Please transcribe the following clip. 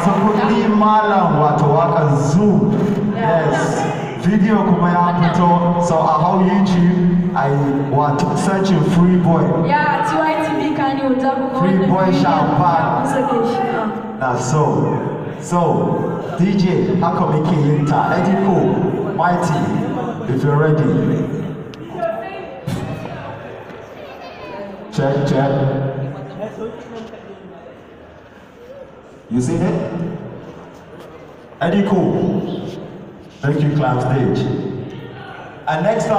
masu kuɗi malam wato wakan zoo yes video kuma ya fito so a youtube i wato searching free boy yeah tytv can kani utaku free boy champagne na so so dj how come haka muke yin ta ediko mighty if you're ready check check You see it? Eddie Cool. Thank you, Clown Stage. And next up.